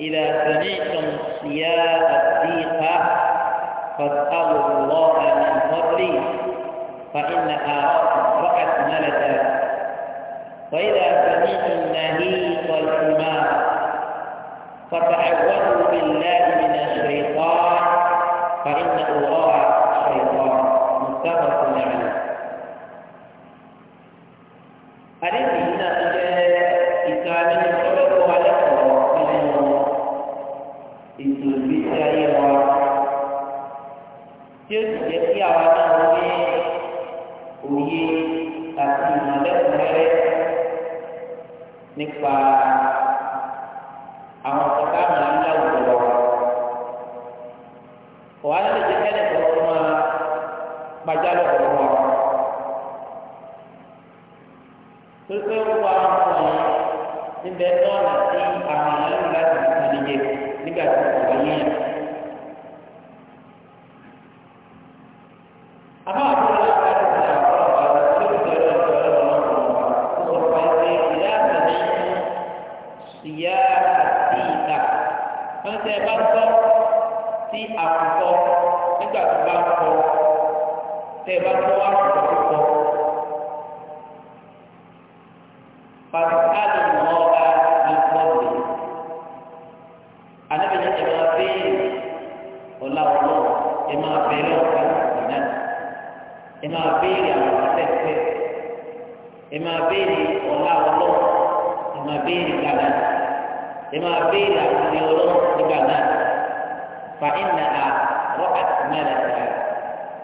إذا سمعتم يا الديقة فاسألوا الله من فضله فإنها رأت ملكا وإذا سمعتم نهيق الحمار فتعوذوا بالله من الشيطان فإنه رأى الشيطان òye àti ìmọ̀lẹ́kùnrẹ́rẹ́ nípa àwọn ọ̀sọ̀ká máa ń láwùjọ lọ. Ọ̀hán lè jẹ́ kẹ́lẹ̀ tó wọ́n máa gbajá lọ́wọ́ wọn. Torí pé ó wà wọn níbẹ̀ náà sí àwọn ìlànà láti ìtàlẹ́yẹ nígbà tí wọ́n yẹn. ìyá àti ìta wọn tẹ bá gbọ́ sí àkùkọ nígbà tó bá kọ tẹ bá gbọ́ àkùkọ tó kọ pàṣípàdé mọ ọba lọkọ rẹ ẹ máa béèrè ọlá ọlọ ẹ máa béèrè ọkọ ìdáná ẹ máa béèrè àwọn ọ̀sẹ̀ ẹ máa béèrè. ẹ máa béèrè àti ọlọ́run nígbà náà fa iná a wọ́n àti mẹ́rẹ̀ ẹ̀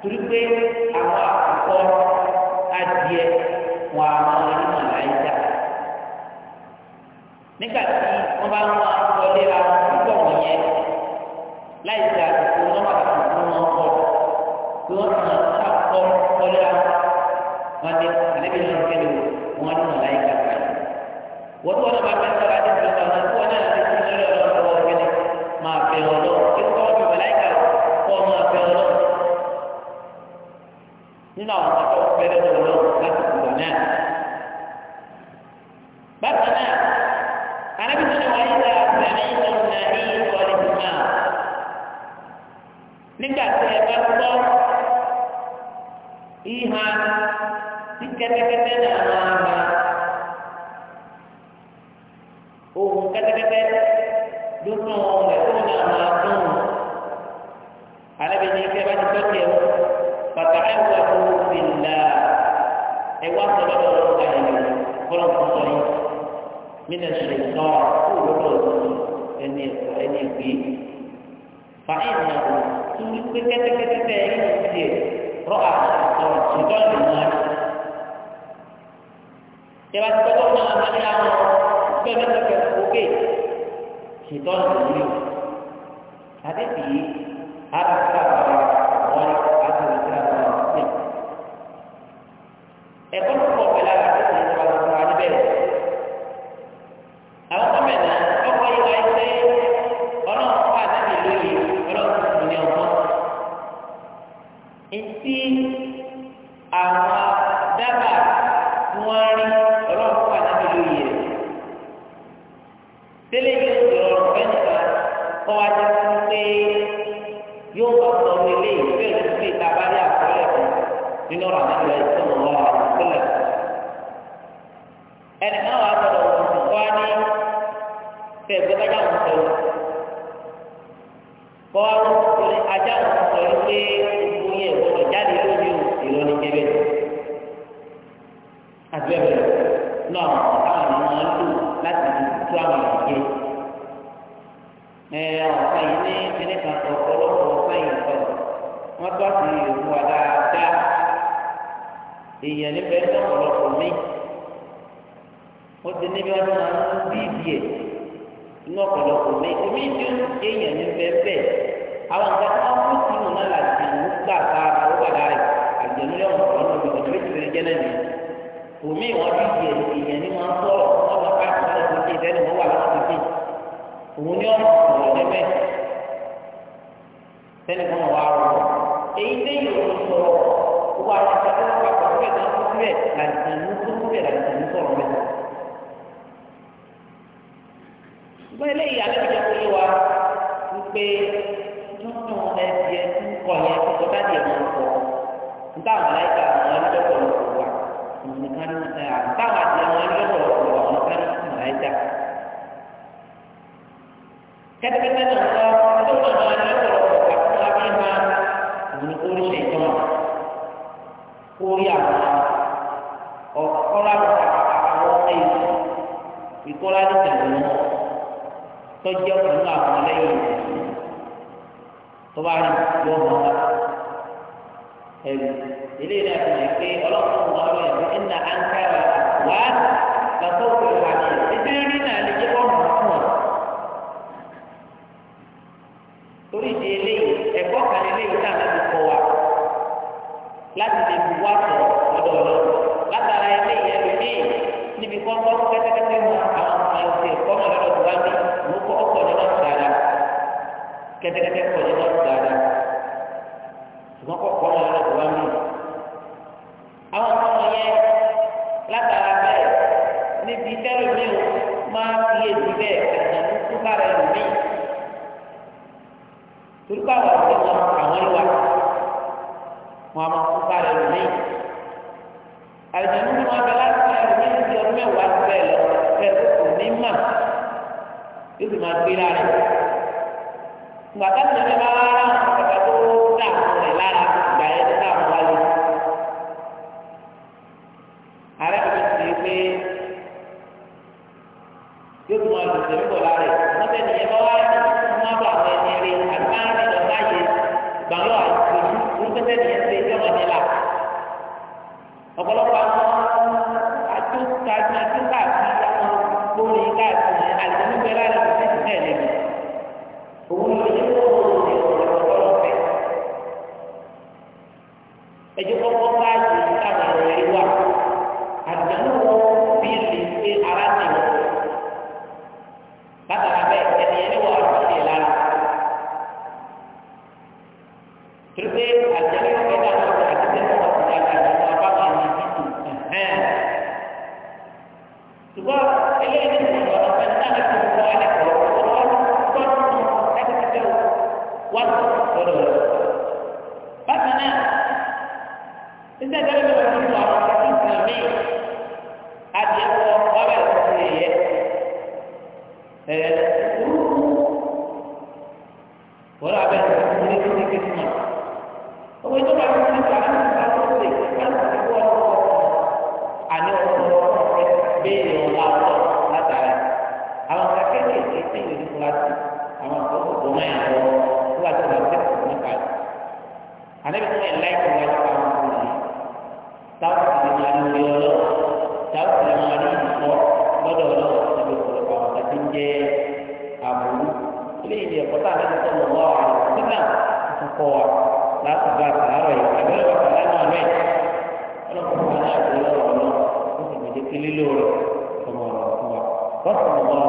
torí pé àwọn àkọ́kọ́ adìẹ wọn a máa rí màlá yìí dá nígbà tí wọ́n bá ń wọlé ra púpọ̀ wọ̀nyẹn láì ṣe àtúntò wọn máa tún fún wọn kọ pé wọ́n máa sàkọ́ wọlé ra wọn ní àlébìnrin ọ̀gẹ́dẹ̀ wọn ní màlá yìí wọ́n tó wọn náà bá fẹ́ sọ̀rọ̀ adé. nínú àwọn ọ̀dọ́ pẹ́rẹ́ tó lọ láti kùtà náà. bákan náà arábìnrin náà wáyé ta bẹ̀rẹ̀ ìtọ́jú náà ní ìkọ́lé ìgbà nígbà tí ẹ bá gbọ́ ìhà tí kẹ́tẹ́kẹ́tẹ́ náà máa ma ohun kẹ́tẹ́kẹ́tẹ́ dúdú ohun ẹ̀kọ́ náà máa dùn arábìnrin kẹ́ bá ti gbọ́ tiẹ̀ wọ́n bàtà ẹ̀wà òbí là ẹ̀wà sọ̀rọ̀ lọ́wọ́ ayẹyẹ kọ́lọ̀ sọ̀rọ̀ yìí mínà ṣe sọ òwúrọ̀ ẹni ẹ̀kọ́ ẹni ìgbé fàáyìn náà tún wípé kẹ́tẹ́kẹ́tẹ́ ẹ̀yìn tiẹ̀ rọ́ àtọ̀ ṣùgbọ́n ìgbà ìwà tí tọ́jú náà máa ní àwọn gbẹ́gbẹ́ kẹ̀kẹ́ òkè ṣètọ́ ìlú àdébìyí àdàkà já sí pé yóò bá sọ ní ilé ìgbé ìdílé ìtabárí àkọọ́lẹ̀ kan nínú ọ̀rọ̀ àti ìlẹ̀ ìtọ́nà lọ́wọ́ àkọọ́lẹ̀. ẹnì kan wà sọ̀rọ̀ òkùnkùn wá ní tẹ̀ gbọ́dájà òkùnkùn kọ́ àwọn òkùnkùn èèyàn níbẹ̀ ń lọ́pọ̀lọpọ̀ mí wọ́n ti níbi wọn máa ń bí ìdíyẹ inú ọ̀pọ̀lọpọ̀ mí omi tí èèyàn níbẹ̀ bẹ́ẹ̀ àwọn nǹkan tí wọ́n kú sínú náà láti ìlú gbà bá àwọn rẹ̀ àgbẹ̀mí jẹ́ lẹ́nu omi bí èèyàn ní máa gbogbo àwọn àtàkùn ọ̀pọ̀ àkọsílẹ̀ náà tó sílẹ̀ làǹtàní tó sílẹ̀ làǹtàní sọ̀rọ̀ mẹ́ta. ṣùgbọ́n eléyìí alẹ́bíjẹ́ kó yé wa wípé nínú ẹ̀dì ẹ̀ ń kọ̀ yẹn kókó dáàdì ẹ̀ máa ń kọ̀ nígbà wọn láì ka àwọn ẹlẹ́dọ̀pọ̀lọpọ̀ wa nìkan nígbà wọn àti àwọn ẹlẹ́dọ̀pọ̀lọpọ̀ wa nìkan nígbà wọn láì tọ́jú ọ̀kan náà àwọn lẹ́yìn rẹ̀ tó bá rí yóò mọ̀ ọ́ ẹ̀rù eléyìí náà fi hàn pé ọlọ́run ọ̀hún ọ̀rọ̀ yẹn pé ẹ̀nà àǹkárá wá lọ́tọ́ òkèèrè wà ní ẹ̀ títí rí náà lè jẹ́ bọ́ọ̀mù fún ọ. torí ìdí eléyìí ẹ̀kọ́ kan eléyìí náà láti kọ wa láti lè bu wá sọ̀rọ̀ lọ́dọ̀ ọlọ́run látara eléyìí ẹ̀rù níbi kọ́kọ́ kẹ́tẹ́kẹ́tẹ́ mọ àwọn àìsè kọ́mọ lọ́dọ̀ tó wá ní mú kọ́ ọkọ̀ nínú ọ̀dàdà kẹ́tẹ́kẹ́tẹ́ kọ́ nínú ọ̀dàdà ṣùgbọ́n kọ́ kọ́mọ lọ́dọ̀ tó wá ní. àwọn ọmọ yẹn látara bẹ́ẹ̀ níbi tẹ́lẹ̀ mi ò máa fi èdè bẹ́ẹ̀ àjàmú tó bá rẹ̀ lù mí. torí báwo ni wọn àwọn ìwà wọn a máa rẹ̀ lù mí. àjàmú wá síbẹ̀ lọ fẹ́ kò ní mà yóò sì máa gbé lára ìgbà táwọn ẹgbẹ́ bá wá rà wọn kàkà tó dà wọn rẹ̀ lára ìgbà yẹn tó dà wọn wáyé. ààrẹ kò tó ti pé yóò tún máa lòdì nígbà lára wọn bẹ́ẹ̀ ni ẹ bá wá rẹ̀ wọn bá àwọn ẹni rí àti máa lọ báyìí gbàlọ́ àti ojú wọn bẹ́ẹ̀ ni ẹ ti ẹjọ́ wọn ni là ọ̀pọ̀lọpọ̀ àwọn. wọ́n abẹ́ ní ní kí mọ̀. Owó tó bá tún nípa nípa tó lè nípa tó wọ́n lọ́wọ́ àní ọ̀pọ̀ ọ̀pẹ béèrè ọ̀la ọ̀pọ̀ látara. Àwọn akẹ́kẹ̀ẹ́ ètò ìlú kíláàsì àwọn àkókò tó máa ń lọ tó wà tó lọ kẹ́kọ̀ọ́ nípa rẹ̀. Àníbi tó yẹn láì fún wa nípa àwọn ọmọ yìí. Táwọn ti máa ń lè ọlọ́ táwọn ti máa ń lè ìfọ́ lọ́dọ̀ ọlọ́ eléyìí ni ẹ̀kọ́ tá a lẹ́nu sọ̀rọ̀ lọ́wọ́ àwọn sílẹ̀ àkọ́kọ́ wa láti gba àtàárọ̀ yìí àbẹ̀rẹ̀ wà kàlá náà rẹ̀ ọlọ́kùnrin náà kò lọ́wọ́ ọlọ́run ó sì gbèdéke lílo rẹ̀ ọmọ ọ̀rọ̀ fún wa